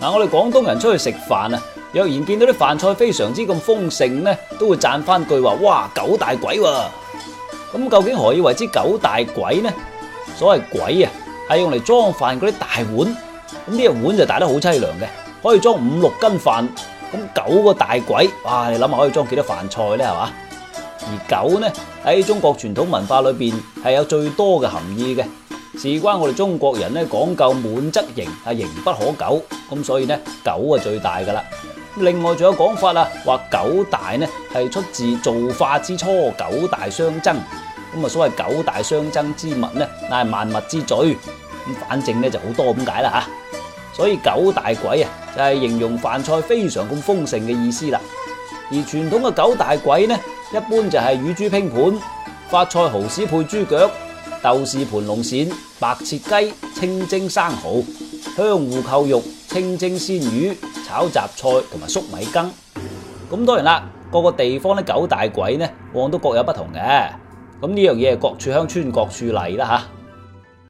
嗱，我哋廣東人出去食飯啊，若然見到啲飯菜非常之咁豐盛咧，都會讚翻句話：哇，九大簋喎，啊！咁究竟何以為之九大簋呢？所謂簋啊，係用嚟裝飯嗰啲大碗，咁呢個碗就大得好凄涼嘅，可以裝五六斤飯。咁九個大簋，哇！你諗下可以裝幾多飯菜呢？係嘛？而九呢，喺中國傳統文化裏邊係有最多嘅含義嘅。事關我哋中國人咧，講究滿則盈，啊盈不可久，咁所以咧，九啊最大噶啦。另外仲有講法啊，話九大呢係出自造化之初，九大相爭，咁啊所謂九大相爭之物呢，乃係萬物之最。咁反正呢就好多咁解啦吓。所以九大簋啊，就係形容飯菜非常咁豐盛嘅意思啦。而傳統嘅九大簋呢，一般就係乳豬拼盤、發菜蚝豉配豬腳。豆豉盤龍鱔、白切雞、清蒸生蠔、香芋扣肉、清蒸鮮魚、炒雜菜同埋粟米羹，咁當然啦，各個地方嘅九大簋呢，往往都各有不同嘅。咁呢樣嘢各處鄉村各處嚟啦吓。